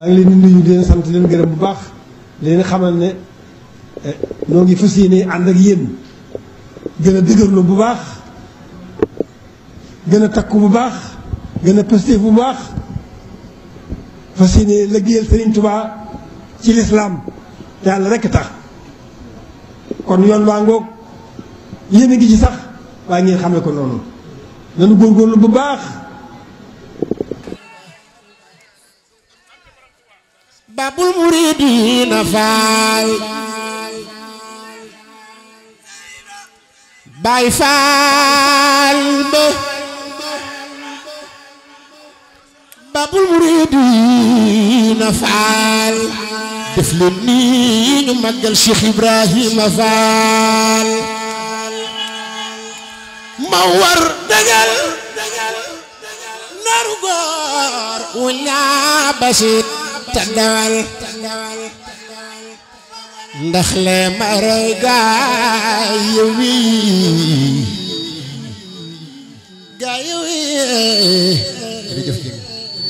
maa ngi leen di nuyu leen sant leen gërëm bu baax di leen xamal ne eh, noo ngi fas yéene ànd ak yéen gën a dëgërlu bu baax gën a takku bu baax gën a pëstéef bu baax fas yéene liggéeyal Sëriñ tubaa ci lislaam te yàlla rekk tax kon yoon waa ngoog yéen a ngi ci sax waaye ngeen xam ko noonu nanu góorgóorlu bu baax باب المريدين فال باي فال باب المريدين فال دفلني مجل شيخ ابراهيم فال مور دجل نار غار ولا dawal ndax le maray gaay wi gaay wi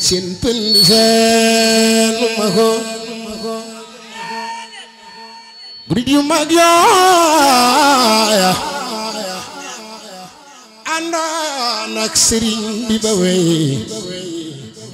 seen pënd seenu ma ko gurit yu mag yooya àndoon ak sëriñ bi ba wey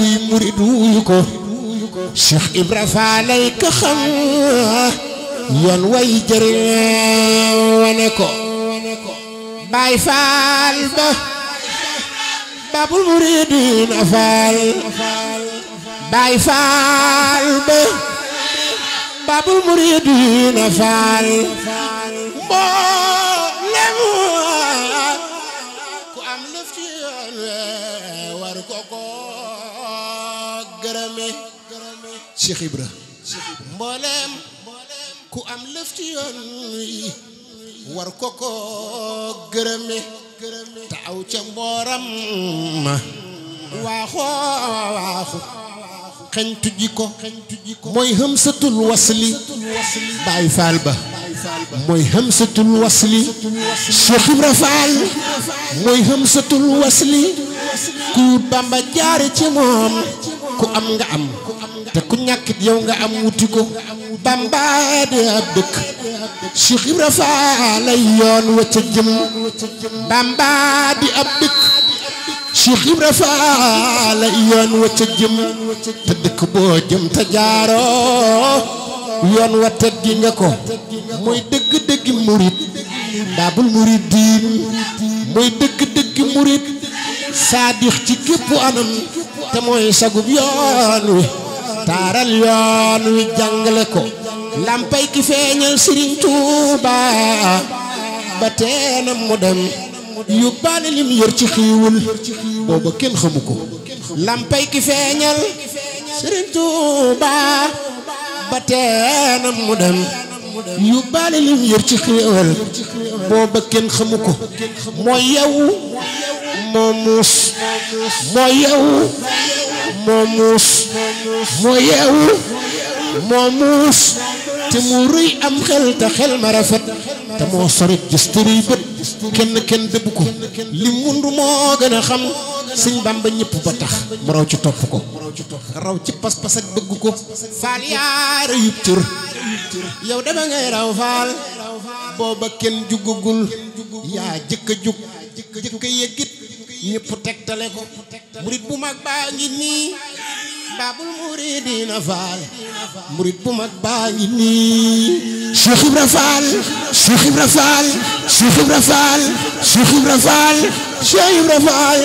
kuy murid wuyu ko Cheikh Baay Faal ba babul muridina faal Baay Faal ba babul Cheikh Ibra mbooleem ku am lëf ci yoon wi war ko ko gërëme te aw ca mbooram waaxoo waaxu xeñtu ji ko mooy xamsatul wasli baay faal ba mooy xamsatul wasli Cheikh Ibra Faal mooy xamsatul wasli ku Bamba jaare ci moom ku am nga am te ku ñàkkit yow nga am wuti ko Bamba ab dëkk Cheikh Ibra Faal lay yoon wa ca jëm Bamba ab dëkk Cheikh Ibra Faal lay yoon wa ca jëm te dëkk boo jëm te jaaroo yoon wa teggi nga ko mooy dëgg dëggi murit baabul murit diin mooy dëgg dëggi murit saadix ci képp anam te mooy sagub yoon wi taaral yoon wi jàngale ko lampay ki feeñal Sëriñ Tuuba ba teena mu dem yóbbaale lim yor ci xiiwul booba kenn xamu ko lampay ki feeñal Sëriñ Tuuba ba teena mu dem yóbbaale lim yor ci xiiwul booba kenn xamu ko mooy yow moo muus mooy yow moo muus moo yeewu moo muus te mu rëy am xel te xel ma rafet te moo sori gis tëriy bët kenn kenn dëbb ko li mund moo gën a xam sëñ ba ñëpp ba tax mu raw ci topp ko raw ci pas-pas ak bëgg ko faal yaara yub cër yow dama ngay raw faal booba kenn jugagul yaa jëkk a jug jëkk a yëggit ñëpp tegtale ko murit bu mag baa ngi nii baabul muridiina faal murit bu mag baa ngi nii Cheikh Ibra Faal Cheikh Ibra Faal Cheikh Ibra Faal Cheikh Ibra Faal Cheikh Ibra Faal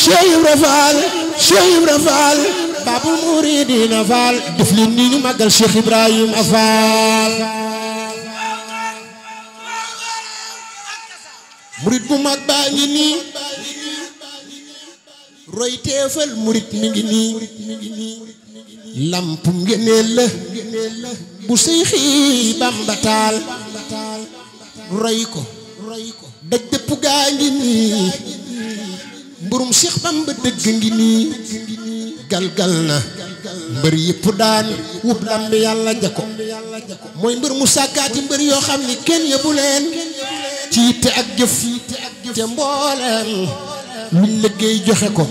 Cheikh Ibra Faal Cheikh Ibra Faal baabul muridiina faal def leen nii ñu magal Cheikh ibrahim Faal murit bu mag baa ngi nii roy teefal murit mi ngi nii lampum ngeneel la bu Seyxi Bamba roy ko daj dëpp gaa ngi nii mburum Seex Bamba dëgg ngi nii galgal na mbër yëpp daan wub lamb yàlla jako mooy mbër mu sàkkaati mbër yoo xam ni kenn yëbu leen ci yitte ak jëf te mbooleen luñ liggéey joxe ko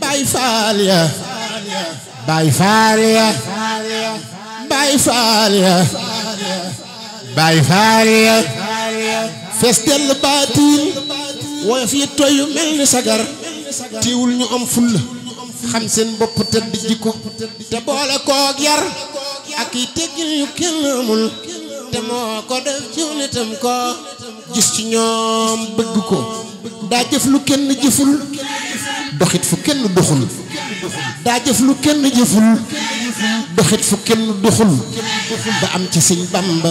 baay faal ya baay faal ya baay faal ya baay faal ya fees dell baatiin wooy fi toyu mel ni sagar tiiwul ñu am fulla xam seen bopp tëdd jikko te boole koog yar ak yi teggin yu kenn amul te moo ko def ci ko gis ci ñoom bëgg ko daa jëf lu kenn jëful doxit fu kenn doxul kenn jëful fu kenn doxul ba am ci sëñ Bamba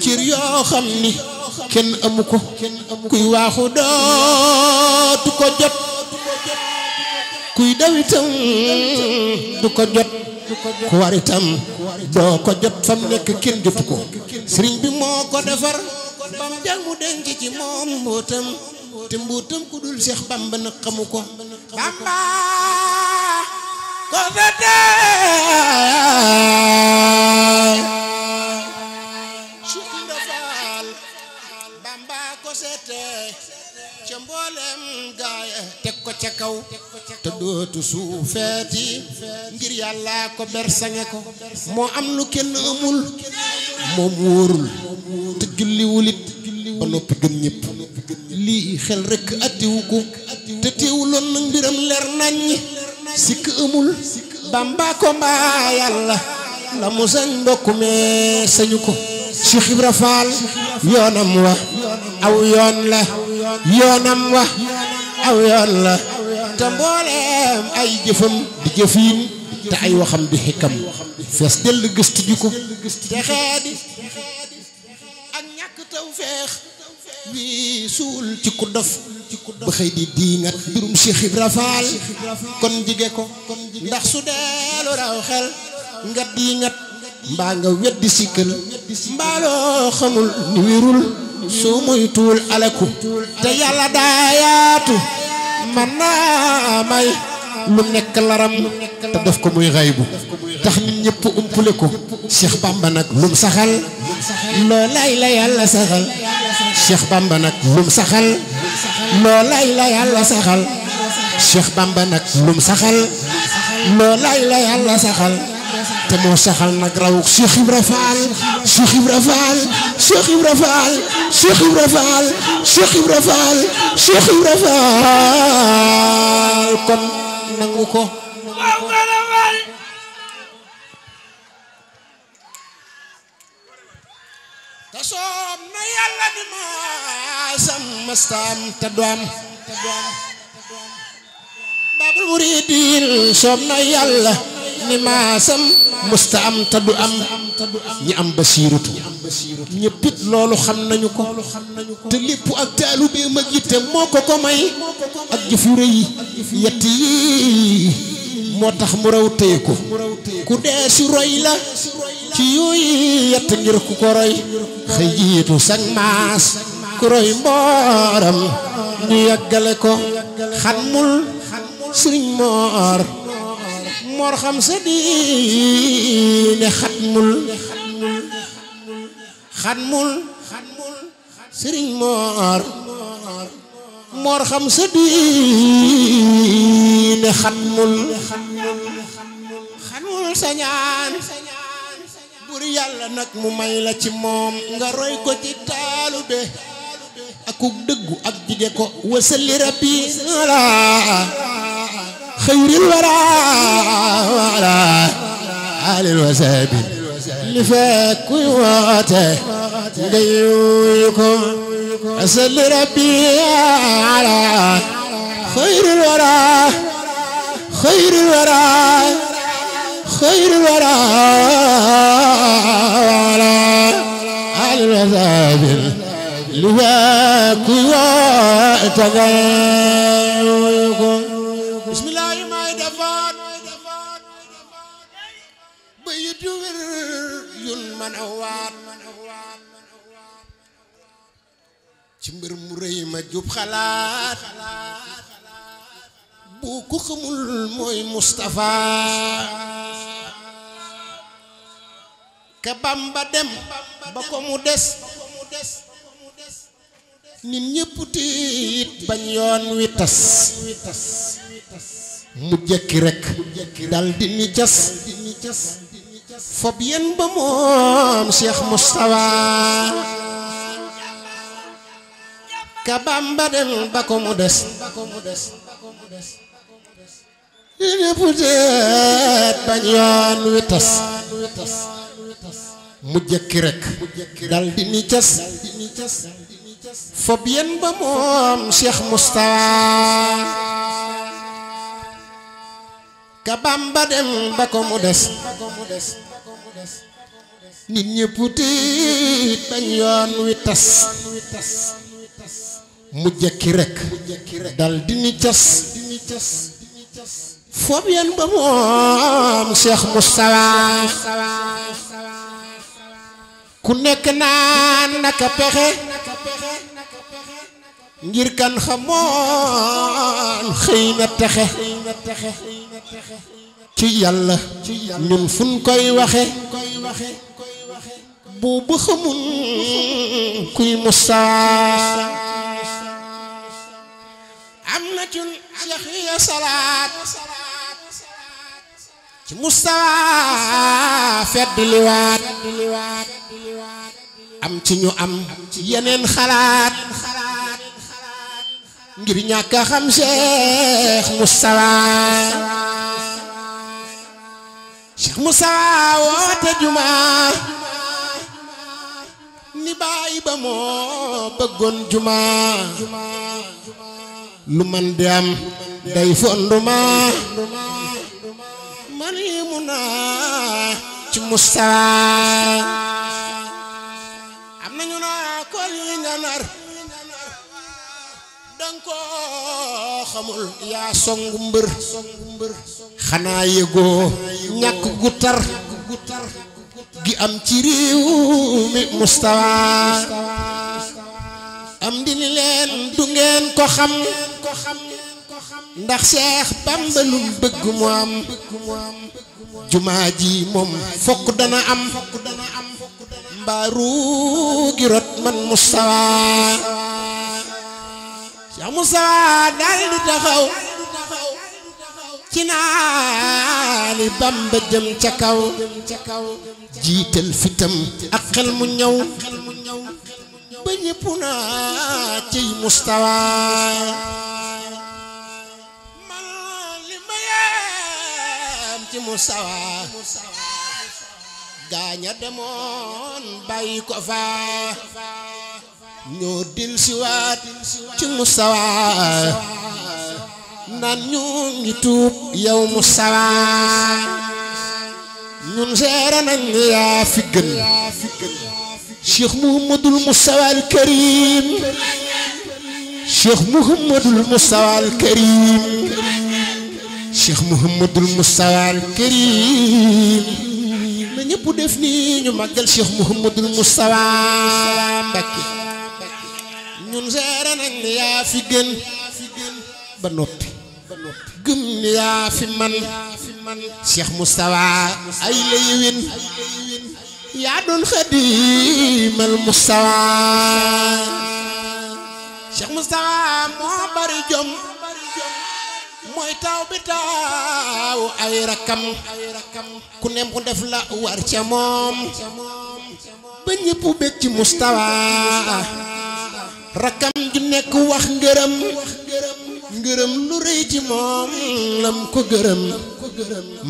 cër yoo xam ni kenn amu ko kuy waaxu dootu ko jot kuy dawitam du ko jot ku war itam doo ko jot fam nekk kenn jotu ko sëriñ bi moo ko defar bam jag mu denc ci moom mbootam te mbootam ku dul Seex Bamba nag xamu ko Bamba ko ko seete ca mboolem gaaya ko ca kaw te su suufeeti ngir yàlla ko bersange ko moo am lu kenn amul moom wóorul te julliwulit ba noppi gën ñëpp lii xel rekk attiwu ko te teewuloon nag mbiram leer naññ sikk amul bàmbaa ko mbaa yàlla la mu sañ ndokkumee sañu ko Cheikh Ibra Fall yoonam wa aw yoon la yoonam wa aw yoon la te mbooleem ay jëfam di jëfiin te ay waxam di xikam fees dell gëstu ji ko te xeedi ak ñàkk taw feex bi suul ci ku dof ba xëy di diingat mbirum Cheikh Ibra Fall kon jige ko ndax su deelu raw xel nga diingat mbaa nga weddi sikkal mbaaloo xamul ni wérul su muy tuul aleku te yàlla daayaatu man naa may lu nekk laram te def ko muy xaybu tax ñëpp umpule ko Cheikh Bamba nag lum saxal loolay la yàlla saxal Cheikh Bamba nag lum saxal loolay la yàlla saxal Cheikh Bamba nag lum saxal loolay la yàlla saxal te moo saxal nag rawuk Cheikh Ibra Fall Cheikh Ibra Fall Cheikh Ibra Fall Cheikh Ibra Fall Cheikh Ibra Fall Cheikh Ibra Fall kon nangu ko te soob na yàlla di maasam mastaam te doom te doom babul muridin soob na yàlla ni maasam musta am te du am ñi am basiirutu ñëppit loolu xam nañu ko te lépp ak taalu bee mag yitte moo ko ko may ak jëf rëy yett yi moo tax mu raw téye ko ku dee si roy la ci yooyu yett ngir ku ko roy xëy jiitu sag maas ku roy mbooram ñu yàggale ko xan mul sëriñ moor moor xam sa diine xatmul xatmul sëriñ moor moor xam sa diine xatmul xatmul sa bur yàlla nag mu may la ci moom nga roy ko ci taalube akuk dëggu ak jige ko wasali rabbi ala خير الورى وعلى آل الوساب لفاك ويواته قيوكم أسل ربي على خير الورى خير الورى خير الورى وعلى آل الوساب لفاك ويواته man awaat ci mbir mu reey ma jup xalaat bu ko xamul moy mustafa ka Bamba dem ba ko mu dess nit ñepp tiit bañ yoon wi tass mu jekki rek dal di ni jass fob yen ba moom Cheikh Moustapha ka Bamba dem ba ko mu des li lépp déet bañ yoon wi tas mu jëkki rek dal di ni cas yen ba moom Cheikh Moustapha ka Bamba dem ba ko mu des nit ñépp tiit bañ yoon wi tas mu jëkki rek dal di ni cas foob yan ba moom Cheikh Moustapha ku nekk naan naka pexe ngir kan xamoon xëy na texe ci yàlla ñun fuñ koy waxe bu bu kuy Musa am na ci ñu am yeneen xalaat ngir ñàkk a xam Cheikh Moustapha Cheikh juma ni bàyyi ba moo juma lu man di am day fonduma man yi mu naa ci Moustapha ko li nga nar ko xamul yaa songu mbër xanaa yëgoo ñàkk gu tar gi am ci réew mi mustawa am di ni du ngeen ko xam ndax seex bamba lu bëgg mu am jumaa ji moom fokk dana am baru ruugi man Mustafa. Cheikh Moussa daal di taxaw Bamba jëm ca kaw jiital fitam ak xel mu ñëw ba ciy mustawa man demoon bàyyi ko fa ñoo dil siwaat ci musawaa naan ñu ngi tuub yow musawaa ñun seere yaa fi gën cheikh muhammadul musawaa al karim cheikh muhammadul al karim cheikh muhammadul musawaa al karim def nii ñu màggal cheikh muhammadul musawaa Mbakke ñun seere moo bari jom mooy taaw bi taaw ay rakam ku ne mu def la war ca moom ba ñëpp bég ci Moustapha rakam ju nekk wax ngërëm ngërëm lu rëy ci moom lam ko gërëm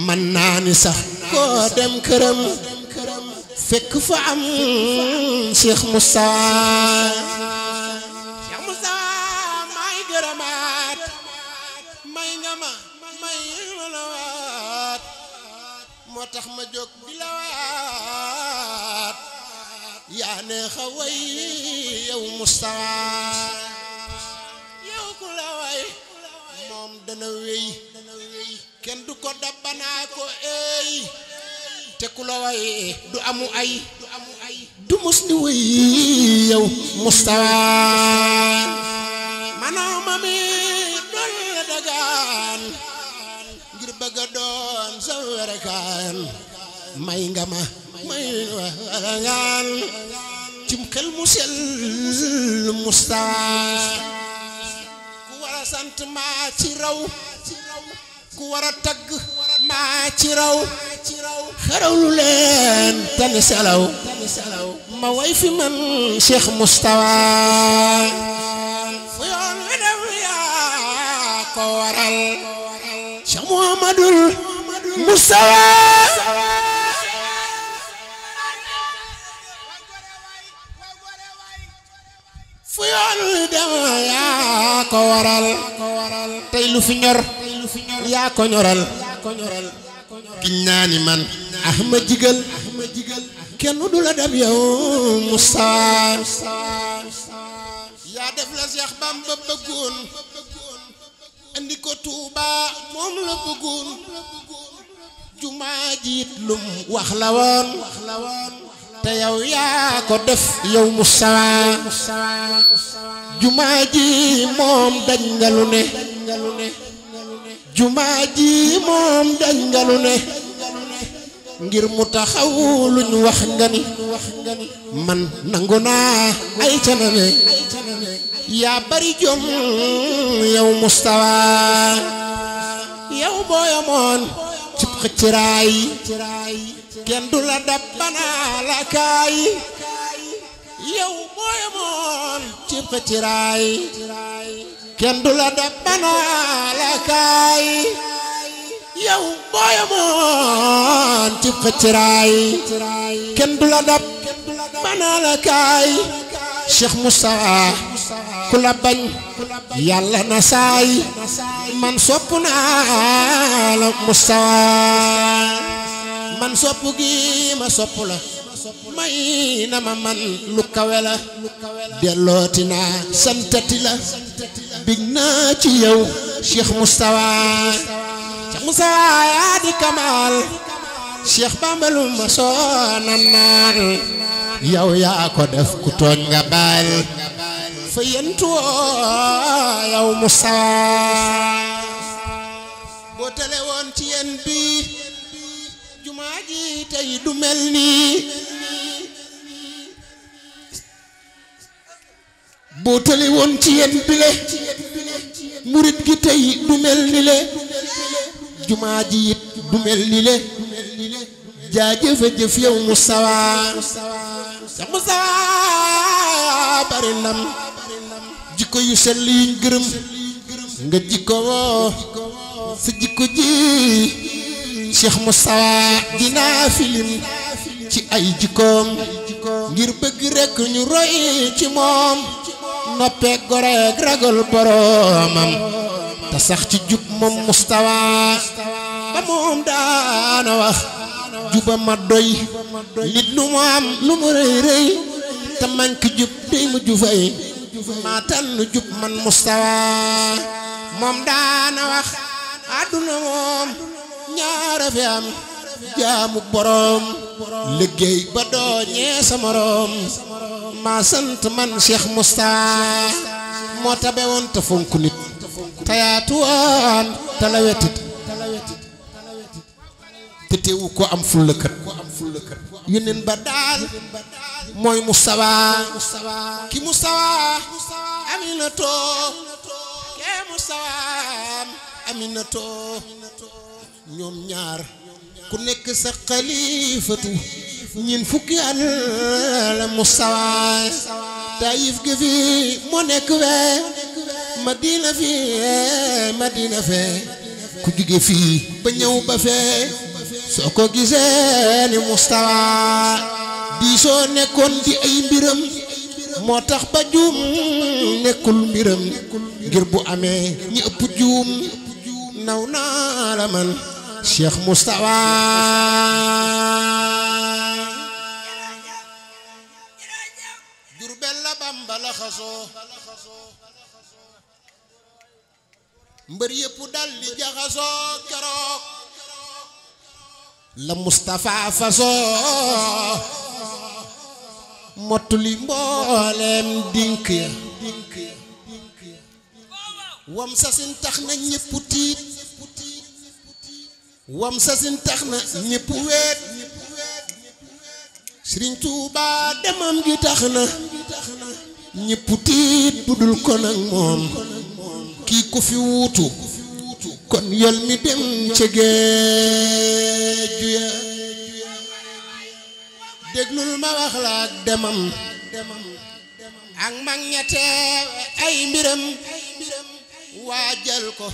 man naa ni sax koo dem këram fekk fa am Cheikh Moussa Cheikh Moussa gërëmaat may nga ma may ma la waat moo tax ma jóg bi la waat yaa neex a way yow moom dana wéy kenn du ko dabbanaa ko eey te ku du amu ay du mus ni way yow Moustapha manooma mi doon dagaan ngir bëgga doon sa werakaan may nga ma may walangaan cim xel mu sell mustawaa ku war a sant maa ci raw ku war a tagg maa ci raw xaraw leen tane ma way fi man Cheikh mustawaa fu yaa ko waral Cheikh Muhammadul mustawaa fu yoon wi dem yaa ko waral tey lu fi ñor yaa ko ñoral giñ naa man ahma jigal kenn du la dab yow Moussa yaa def la Seex Bamba bëggoon andi ko Tuuba moom la bëggoon jumaa jiit lum wax la woon te yow yaa ko def yow Moustapha jumaa ji moom dañ nga lu ne jumaa ji moom dañ nga lu ne ngir mu taxaw luñ wax nga man nangu naa ay canane yaa bari jom yow Moustapha yow booyamoon ci xëcc raay kenn du la dab banaa la kaay yow mooy moon ci xëcc raay kenn du la dab la kaay yow mooy moon ci xëcc raay kenn du la dab la kaay Cheikh Moussa ku la bañ yàlla na saay man sopp naa la mustawa man sopp gi ma sopp la may na ma man lu kawe dellooti naa santati la big ci yow cheikh mustawa cheikh yaa di kamaal cheikh bambalu ma soo nan naan yaa ko def ku tooñ nga fa yentuwo yow Moussa boo tele woon ci yen bi jumaa ji tey du mel nii boo tele woon ci yen bi le murit gi tey du mel ni le jumaa ji it du mel ni le jaajëf jëf yow Moussa Moussa bari ndam jikko yu sell yuñ gërëm nga jikko woo sa jikko ji Cheikh Moustapha dinaa filim ci ay jikkoom ngir bëgg rekk ñu roy ci moom noppeek goreek ragal boroomam te sax ci jub moom Moustapha ba moom daana wax juba ma doy nit lu mu am lu mu rëy rëy te mank jub day mu jufay maa tànn jub man mustawa moom daana wax àdduna moom ñaara fi am jaamu boroom liggéey ba doo sa moroom maa sant man Cheikh Moustapha moo tabe woon te nit te yaatu woon te teewu ko am fulla kër yónneen ba daal mooy Musawa ki Musawa Aminato ke Musawa Aminato ñoom ñaar ku nekk sa xalifatu ñin fukki at la Musawa Taif gi fi moo nekk wee Madina fi Madina fee ku jóge fii ba ñëw ba fee soo ko gisee ni mustawa diisoo nekkoon di ay mbiram moo tax ba juum nekkul mbiram ngir bu amee ñi ëpp juum naw naa la man Cheikh Moustapha Jurbel la Bamba la mbër yëpp dal jaxasoo keroog la Moustapha fasoo mottuli mbooleem dink ya wam sasin tax na ñëpp tiit wam sasin tax na ñëpp weet Sëriñ Tuubaa demam gi tax na ñëpp tiit budul ko nag moom kii ku fi wuutu kon yol mi dem ca géej déglul ma wax la ak demam ak mag ñette ay mbiram waajal ko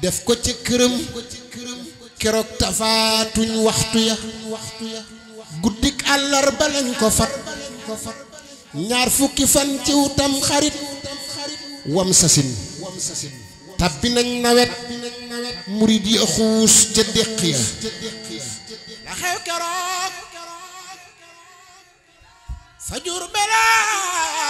def ko ci këram keroog tafaatuñ waxtu ya guddik àllarba lañ ko fat ñaar fukki fan ci wutam xarit wam sasin tabbi nañ nawet murid yi xuus ca déq ya la xew keroog sa jur belaa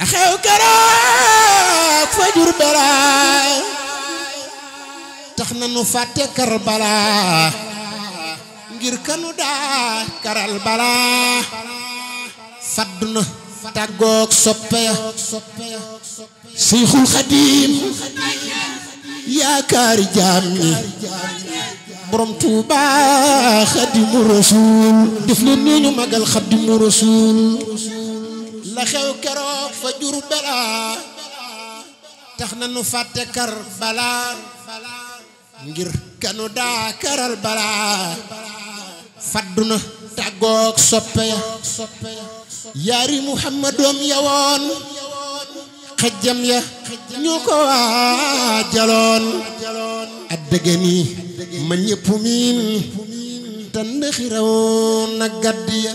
la xew keroog sa jur belaa tax na nu fàtte kar balaa ngir kanu daa karal balaa fàddu na tàggoog soppe ya Seexul Xadiim yaakaari jaam ñi borom Tuuba Xadimu Rasuul def leen nii ñu magal Xadimu Rasuul la xew keroog fa jur belaa tax na nu fàtte kar balaa ngir kanu daa karal balaa fadduna tàggoog soppe ya yaari muhammadoom yawoon xajjam ya ñoo ko waajaloon ak dëgëni ma ñëpp miin tànn xiraw na gàdd ya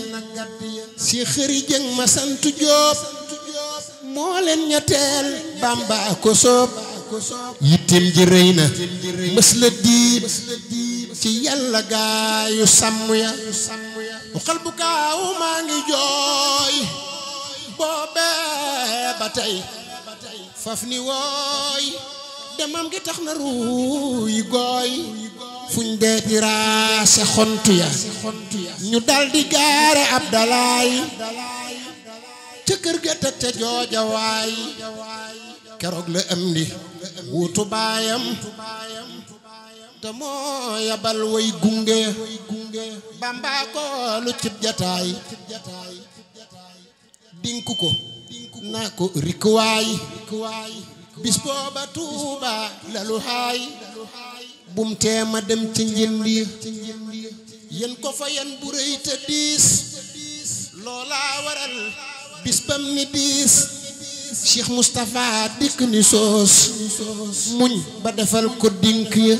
si xëri jëng ma sant Jóob moo leen ñetteel Bàmba ko soob ji rëy na mës la diib ci yàlla gaayu sàmm ya mu xal bu kaawu maa ngi jooy boobee ba tey faf ni wooy demam gi tax na ruuy gooy fuñ dee tiraase xontu ya ñu daldi gaare ab dalaay ca kër ga teg ca joojawaay keroog la am di wutu baayam te moo yabal way gunge bamba ko lu cib jataay dink ko naa ko rikkuwaay bis booba tuuba lalu haay bum teema dem ci njëndi yen ko fa yen bu rëy te diis waral bis bam ni diis cheikh Moustapha dikk ni soos muñ ba defal ko dink ya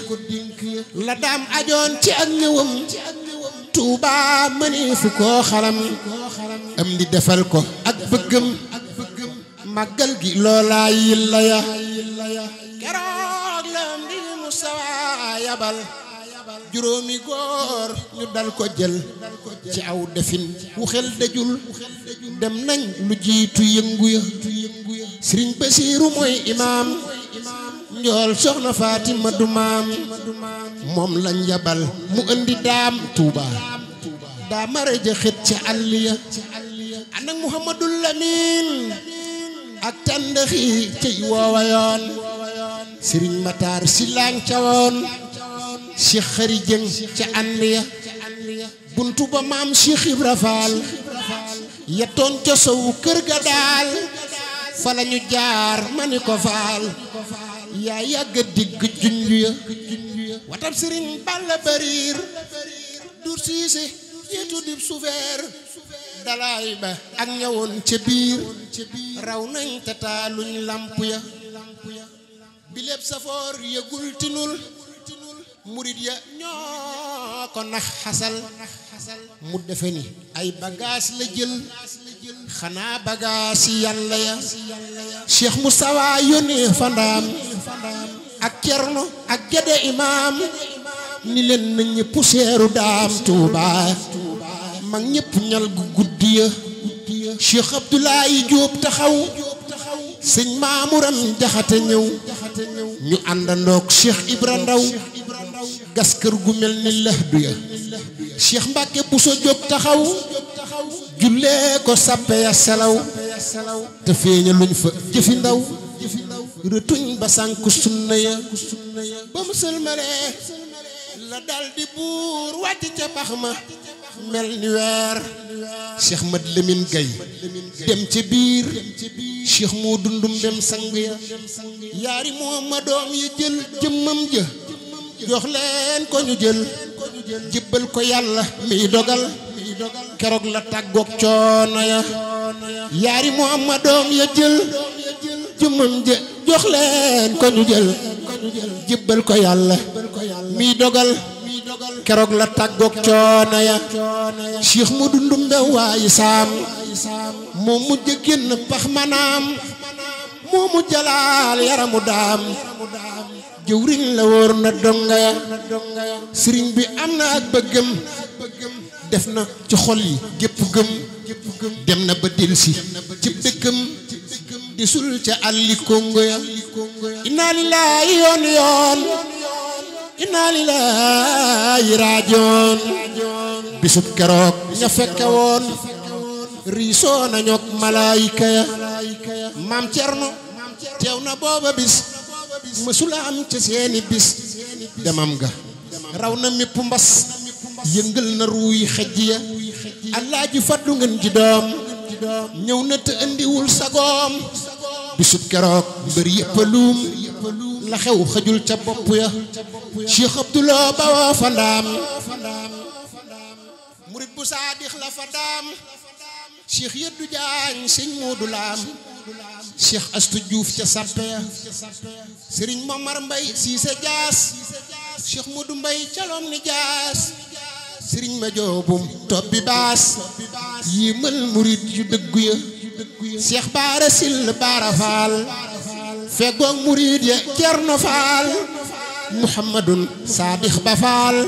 la daam ajoon ci ak ñëwam Touba mëneefu koo xaram am di defal ko ak bëggam màggal gi loolaa yilla ya keroog la am di Moustapha yabal juróomi góor ñu dal ko jël ci aw defin wu xel dajul dem nañ lu jiitu yëngu ya sëriñ Basiiru mooy imaam njool soxna Faatima du maam moom lañ yabal mu indi daam Tuuba daa mare ja xët ca àll ya ànd Muhammadul Lamin ak tàndaxi ci woowa sëriñ Mataar si laañ ca woon Cheikh Khary Dieng ca ànd ya buntu ba maam Cheikh Ibra Fall yettoon ca sowu kër ga daal fa la jaar ma ni ko faal yaa yàgg digg junj ya watam sëriñ Balla Bariir dur siise dib suufeer dalaay ba ak ñëwoon ca biir raw nañ te taaluñ làmp ya biléb safoor yëgul tinul murit ya ñoo ko nax xasal mu defe ni ay bagaas la jël xanaa bagaas yi yàlla ya Cheikh Moustapha yónnee fandaam ak cerno ak gede imaam ni leen na ñëpp seeru daam Touba mag ñëpp ñal gu guddi ya Cheikh Abdoulaye Diop taxaw sëñ Maamuram jaxate ñëw ñu àndandoog Cheikh Ibra Ndaw gas kër gu mel ni lëx bi ya Cheikh Mbacke bu jóg taxaw jullee ko sàppe ya selaw te feeña fa jëfi ndaw rëtuñ ba sànk sunna ya ba mu sëlmalee la dal buur wàcc ca pax ma mel ni weer Cheikh Mad Lamine Gaye dem ca biir Cheikh moo dundum dem sang ya yaari moo ma doom yi jël jëmmam ja jox leen ko ñu jël jibbal ko yàlla miy dogal keroog la tàggoog coono ya yaari muhammadoom ya jël jummam jë jox leen ko ñu jël jibbal ko yàlla miy dogal keroog la tàggoog coono ya Cheikh mu dundum be waayi saam moom mujj génn pax manaam jalaal yaramu daam jëwriñ la wóor na donga ya sëriñ bi am na ak bëggam def na ci xol yi gépp gëm dem na ba delsi ci dëkkam di ca àlli kongo ya inna lillahi yoon yoon inna lillahi raajoon bisub keroog ña fekke woon riisoo nañook malaayika ya maam cerno teew na booba bis mësula am ci seeni bis demam ga raw na mépp mbas yëngal na ruuy xëj ya allaaji faddu ngeen ji doom ñëw na te indiwul sagoom bisub keroog mbër yëpp luum la xew xëjul ca bopp ya Cheikh Abdoulaye bawoo fa ndaam murit bu saadix la fa daam Cheikh yëddu jaañ sëñ Moodu laam Cheikh Astou Diouf ca Sappeya Serigne Momar Mbaye Cissé Dias Cheikh Modou Mbaye caloom ni Dias Serigne ma joobum tobbi baas yi mël murit yu dëggu ya Cheikh Baara Sill Baara Faal feggoog murit ya Cerno Faal Muhammadun Saadix Ba Faal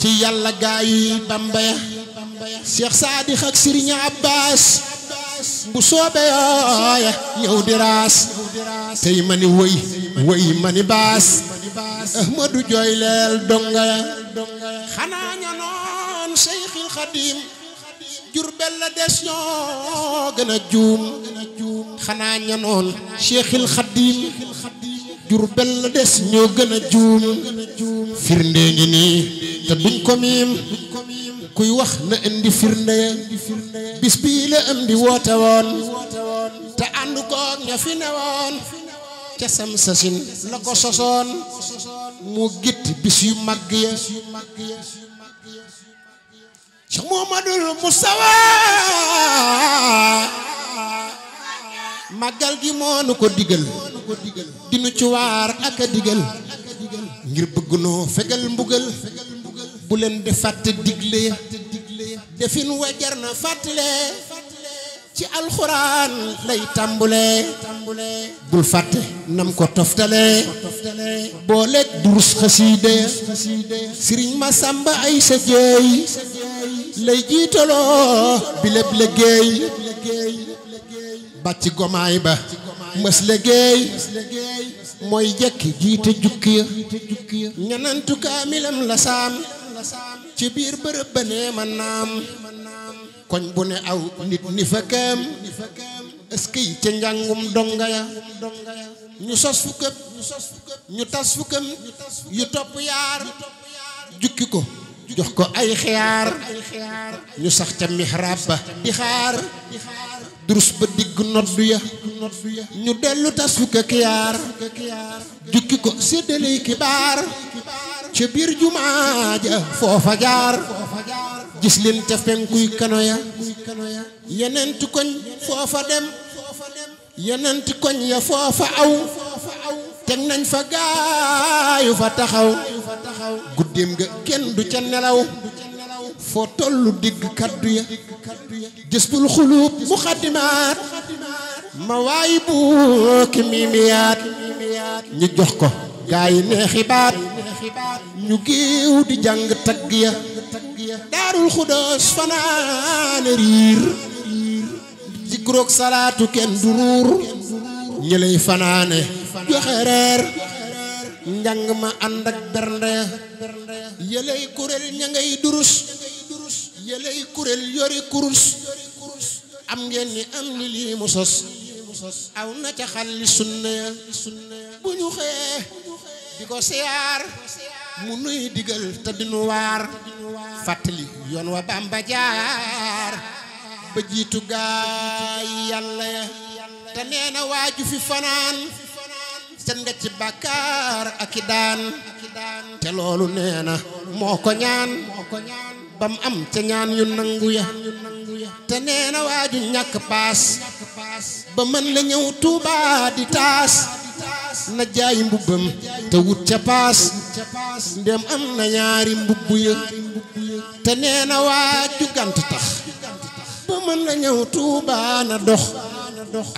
ci yàlla gaayu Bamba ya Cheikh Saadix ak Serigne Abbas bu soobee yooye ñëw di raas tey ma ni wëy wëy ma ni baas ahmadu jooy donga ya xanaa ña noon seyxil xadim jurbel la des ñoo gën a juum xanaa ña noon nii te duñ ko miim kuy wax na indi firnde bis bii la indi woote woon te ànd koog ña fi ne woon ca sam sasin la ko sosoon mu gitt bis yu màgg ya Cheikh Mouhamadoul Moustapha màggal gi moo nu ko digal dinu ci ak a digal ngir bëgg noo fegal mbugal bu leen di fàtte digle defin wa jar na fàttale ci alxuraan lay tàmbule bul fàtte nam ko toftale booleeg durus xasiide sëriñ ma sàmba ay sa jeey lay jiitaloo bi lépp liggéey bàcc gomaay ba mës liggéey mooy jekki jiite jukki ya ñanantu kaamilam la saam ci biir bërëb ba nee ma naam koñ bu ne aw nit ni fa keem est-ce ca njàngum donga ya ñu sos fu këpp ñu tas fu këpp yu topp yaar jukki ko jox ko ay xiyaar ñu sax ca mihraab ba di xaar durus ba digg noddu ya ñu dellu tas fukk ak yaar jukki ko séddale kibaar ca biir jumaa ja foofa jaar gis leen te penkuy kano ya yenent koñ foofa dem yenent koñ ya foofa aw teg nañ fa gaayu fa taxaw guddeem ga kenn du ca nelaw foo tollu digg kaddu ya jësbul xuluub muxaddimaat ma waay bu miimiyaat ñi jox ko gaa yi baat ñu géew di jàng tagg ya daarul xudoos fanaane riir jikroog salaatu kenn du ruur fanaane joxe reer njàng ma ànd ak bernde ya yëlay kuréel ña ngay durus yeley kuréel yori kurus am ngeen ni am ni lii mu sos aw na ca sunna ya bu ñu xëyee di ko siyaar mu nuy digal te dinu waar fàttali yoon wa Bàmba jaar ba jiitu gaay yàlla ya te nee na waaju fi fanaan set nga ci bàkkaar ak i daan te loolu nee na moo ko ñaan bam am ca ñaan yu nangu ya te nee na waaju ñàkk paas ba mën na ñëw Tuubaa di taas na jaay mbubbam te wut ca paas ndem am na ñaari mbubb ya te nee na waaju gant tax ba mën la ñëw Tuubaa na dox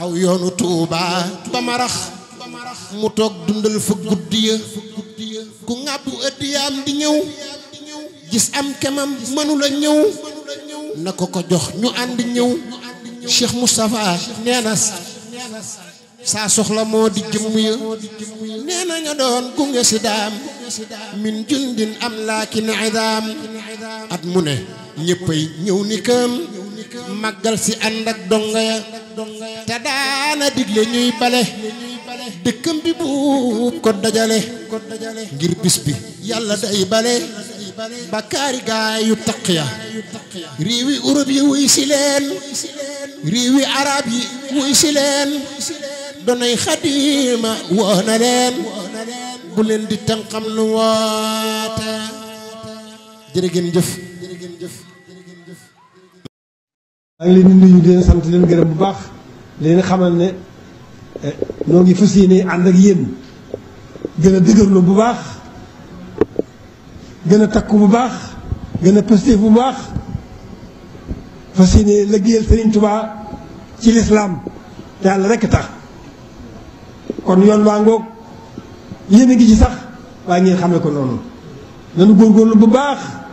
aw yoonu Tuubaa ba marax mu toog dundal fa guddi ya ku ŋàbbu ëddiyaam di ñëw gis am kemam mënula ñëw na ko ko jox ñu ànd ñëw Cheikh Moustapha nee na saa soxla moo di jëmm ya nee na ña doon gunge si daam min jundin am laakin idaam at mu ne ñëppay ñëw ni këm màggal si ànd ak donga ya te daana digle ñuy bale dëkkam bi buub ko dajale ngir bis bi yàlla day bale bakkaari gaay yu taqiya réewi Europe yi wuy si leen réewi arab yi wuy si leen donay xadima woo na leen bu leen di tànqam lu woote jërë ngeen jëf maa ngi leen di nuyu leen sant leen gërëm bu baax leen xamal ne eh, noo ngi fas yéene ànd ak yéen gën a dëgërlu bu baax gën a takku bu baax gën a pëstéef bu baax fas yéene liggéeyal Sëriñ Tuubaa ci lislaam te yàlla rekk tax kon yoon waa ngoog yéen a ngi ci sax waaye ngeen xame ko noonu nanu góorgóorlu bu baax